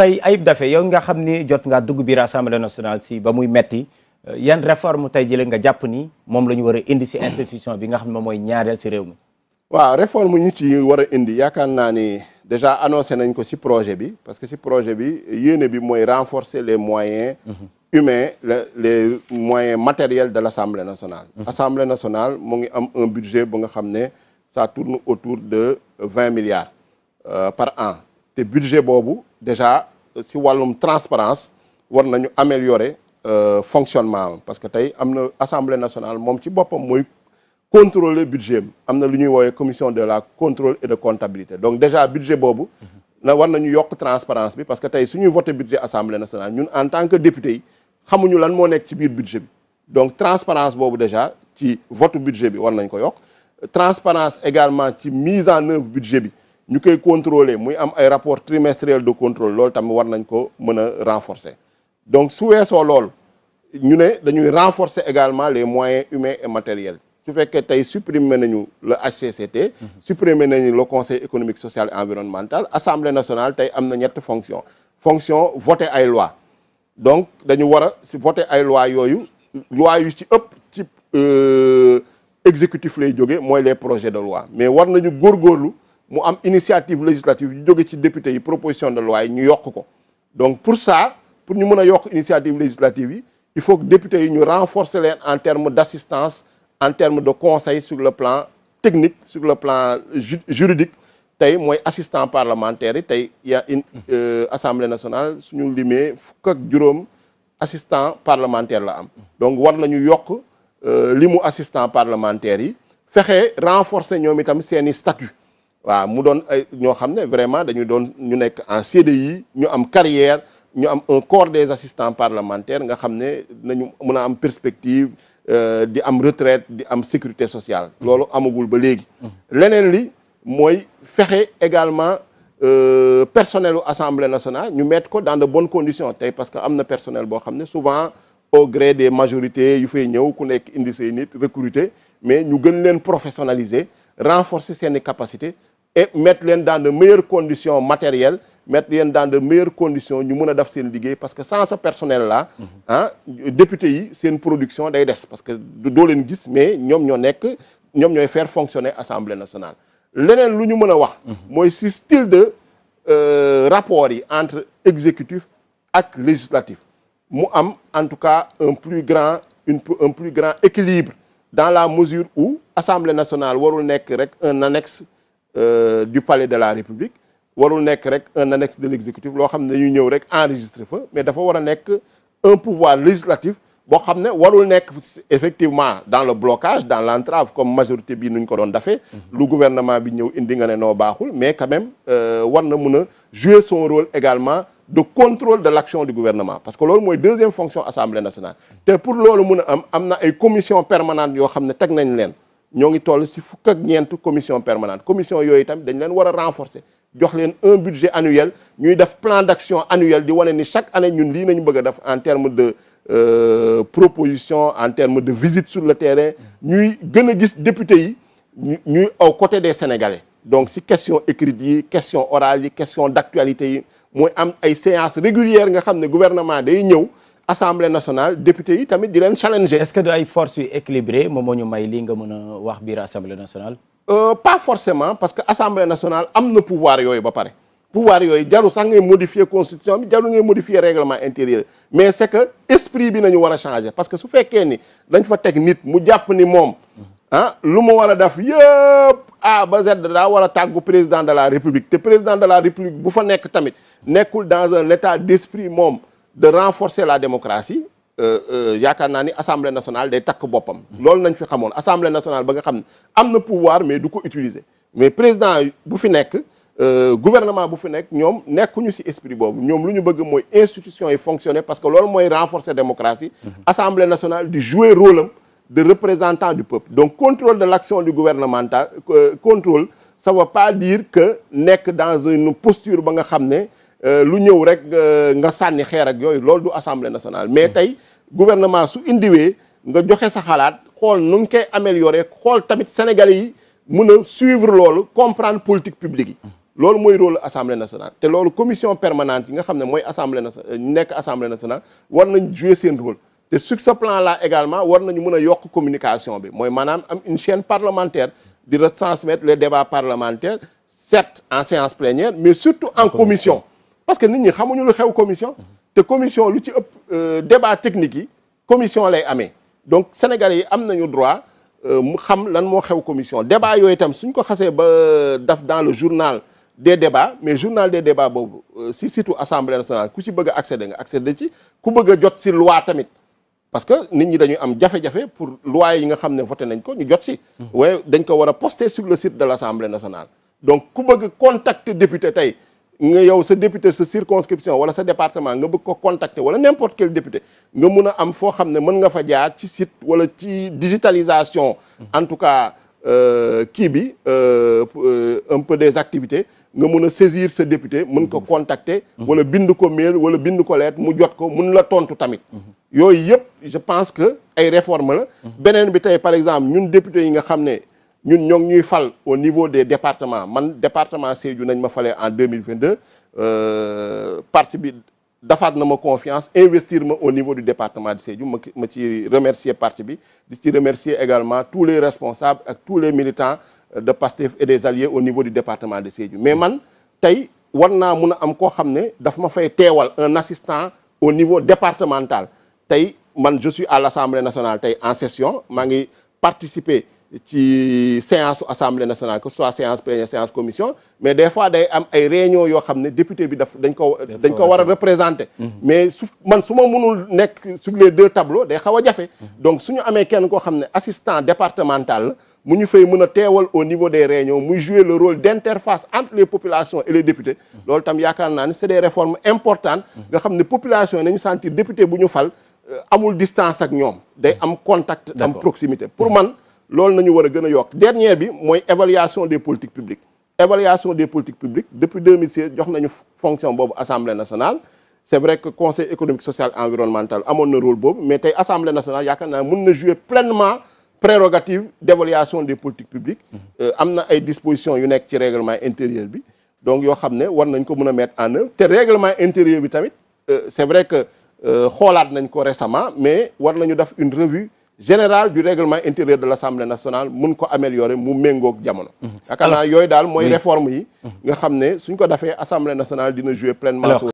tay Ayib Daffé yow nga xamné jot nga dugg bi rassemblement national si ba muy metti euh, yeen réforme tay jële nga japp ni mom lañu wara indi ci institution bi nga xamné ne moom mooy ñaareel si réew mi waaw réforme ñu ci wara indi yaakaar naa ni déjà annoncé nañ ko ci projet bi parce que ci projet bi yéene bi moy renforcer les moyens mhm. humains les moyens matériels de l'assemblée nationale mhm. assemblée nationale mo ngi am un budget bu nga xamné ça tourne autour de 20 milliards euh, par an te budget bobu déjà si walum transparence war nañu améliorer euh, fonctionnement parce que l'Assemblée amna assemblée nationale nous ci bopam le budget amna luñuy woyé commission de la contrôle et de comptabilité donc déjà budget bobu mhm. na war nañu yok transparence bi parce que tay suñu voter budget assemblée nationale ñun en tant que député xamuñu lan mo ci biir budget donc transparence bobu déjà ci vote budget bi war nañ ko transparence également ci mise en œuvre budget nous pouvons contrôler muy am rapport trimestriel de contrôle nous devons war renforcer donc sous ce nous ñu renforcer également les moyens humains et matériels su fait que supprimer nañu le HCCT mhm. supprimer nañu le conseil économique social et environnemental L'Assemblée nationale a une fonction, la fonction fonction voter la loi donc dañu nous si voter ay loi la loi est ci ëpp ci euh, exécutif lay jóge projet les projets de loi mais war nous góorgóorlu mu am initiative législative yu jóge ci député yi proposition de loi à ñu York. donc pour ça pour ñu York, initiative législative il faut que député députés nous renforcent en termes d'assistance en termes de conseil sur le plan technique sur le plan juridique tay un assistant parlementaire tay il y a une euh, assemblée nationale suñu limé fukk ak assistant parlementaire la donc war nañu yok euh, li assistant parlementaire yi fexé renforcer ñoom itam statut nous avons vraiment dañu en CDI ñu carrière nous un corps des assistants parlementaires nous avons une perspective euh, de retraite de sécurité sociale nous mm-hmm. amagul ba léegi mm-hmm. leneen li également euh, personnel de assemblée nationale nous mettre dans de bonnes conditions parce que le personnel souvent au gré des majorités il faut ñëw mais nous gën leen professionnaliser renforcer ses capacités et mettre gens dans de meilleures conditions matérielles mettre gens dans de meilleures conditions ñu monde a parce que sans ce personnel là les mhm. ah, député c'est une production d'AIDES, parce que de leen gis mais nous devons faire fonctionner l'Assemblée nationale Ce que nous c'est style de euh, rapport entre exécutif et législatif Nous en tout cas un plus grand une un plus grand équilibre dans la mesure où l'Assemblée nationale warul nekk un annexe euh, du palais de la République warul un annexe de l'exécutif loo xam ne rek enregistré mais dafa war a un pouvoir législatif qui xam effectivement dans le blocage dans l'entrave comme la majorité bi nuñ fait, mhm. le gouvernement bi ñëw indi mais quand même euh, war jouer son rôle également de contrôle de l'action du gouvernement parce que c'est la deuxième fonction de l'Assemblée nationale pour le y a am commission permanente qui est une si fukk commission permanente commission yooyu tamit dañ un budget annuel avons un plan d'action annuel chaque année ñun ligne nañu bëgg en termes de euh, propositions, en termes de visites sur le terrain nous, a député yi des sénégalais donc si question écrite question orale question d'actualité moy am ay séances régulières nga xamné le gouvernement day ñëw assemblée nationale député yi tamit di len challenger. est-ce que do ay forces yu équilibrées pour que ñu may li nga mëna wax biir assemblée nationale. Euh, pas forcément parce que assemblée nationale am na pouvoir yoy ba paré pouvoir yoy jaru sax ngay modifier constitution bi jaru ngay modifier règlement intérieur mais c'est que esprit bi nañu wara changer parce que su féké ni dañ fa teg nit mu japp ni mom Hein? ah ce a président de la république le président de la république bu fa dans un état d'esprit de renforcer la démocratie y euh, une euh, assemblée nationale qui est en train de fi xamoon assemblée nationale a le pouvoir mais il utiliser mais président bu euh, gouvernement bu fi l'esprit. Nous nekkuñu ci esprit boobu ñoom lu fonctionner parce que loolu mooy renforcer démocratie. L'Assemblée mmh. nationale joue jouer rôle de représentants du peuple donc contrôle de l'action du gouvernemental euh, contrôle ça veut pas dire que nek dans une posture où nga xam ne euh, lu ñëw rek euh, nga sanni xéer ak yoy du assemblée nationale mais tay gouvernement su wé nga joxé sa xalaat xol nu ngi koy améliorer xol tamit sénégalais yi mëna suivre loolu comprendre politique publique yi moy mooy rôle assemblée nationale té la commission permanente yi nga xamné moy assemblée nationale nekk assemblée nationale war nañ jouer sen rôle et sur ce plan là également war nañu une communication bi mooy am une chaîne parlementaire di retransmettre les débats parlementaires certes en séance plénière mais surtout en commission parce que nit ñi xamuñu lu xew commission te commission lu ci euh, débat technique yi commission lay amé. donc sénégalais ont le droit euh, mu xam lan moo xew commission débat yo itam suñ ko xasee euh, dans le journal des débats mais journal des débats si surtout assemblée nationale Qui ci accéder nga accéder ci ku bëgg a jot si loi tamit parce que nous avons dañuy am pour loi yi nga poster sur le site de l'Assemblée nationale. donc ku bëgg contacter député tay nga yow député ce circonscription wala département nga bëgg contacter wala n'importe quel député nga am digitalisation. Mmh. en tout cas euh, Kibi, euh, euh, un peu des activités. Vous saisir ce député contacter. wala mail lettre je pense que ay réforme la beneen bi par exemple nous, députés, yi nga xam ne ñun ñuy au niveau des départements man département Sédhiou nañ ma en 2022 Euh, parti bi na confiance investir ma au niveau du département de Sédhiou Je remercie ci remercier parti bi di ci remercier également tous les responsables et tous les militants euh, de PASTEF et des alliés au niveau du département de Sédhiou mais man tay, war naa mun am koo un assistant au niveau départemental tey man je suis à l'Assemblée nationale en session mangi participer ci séance assemblée nationale que ce soit séance plénière séance commission mais des fois day am ay réunion yo xamné les député bi dañ ko dañ représenter mhm. mais si man suma mënul sur les deux tableaux day xawa a mhm. donc suñu nous kenn ko assistants départementaux assistant départemental muñu fay au niveau des réunions muy jouer le rôle d'interface entre les populations et les députés mhm. tam c'est des réformes importantes nga populations sont population nañu sentir député euh, amul distance ak ñom day am contact am proximité pour hmm. man lool nañu wara a yok. dernière bi moy évaluation des politiques publiques évaluation des politiques publiques depuis 2016 jox nañu fonction de assemblée nationale c'est vrai que conseil économique social environnemental amone na rôle bobu mais l'Assemblée assemblée nationale yaakaar mën jouer pleinement prérogative d'évaluation des politiques publiques hmm. euh, am a ay dispositions yu nekk ci règlement intérieur bi donc yo xamné war nañ ko mettre en œuvre règlement intérieur bi euh, c'est vrai que euh, xoolaat nañ récemment mais war nañu fait une revue générale du règlement intérieur de l'Assemblée nationale pour améliorer le diamant. jamono avons fait une réforme qui a fait que suñ ko nationale dina jouer pleinement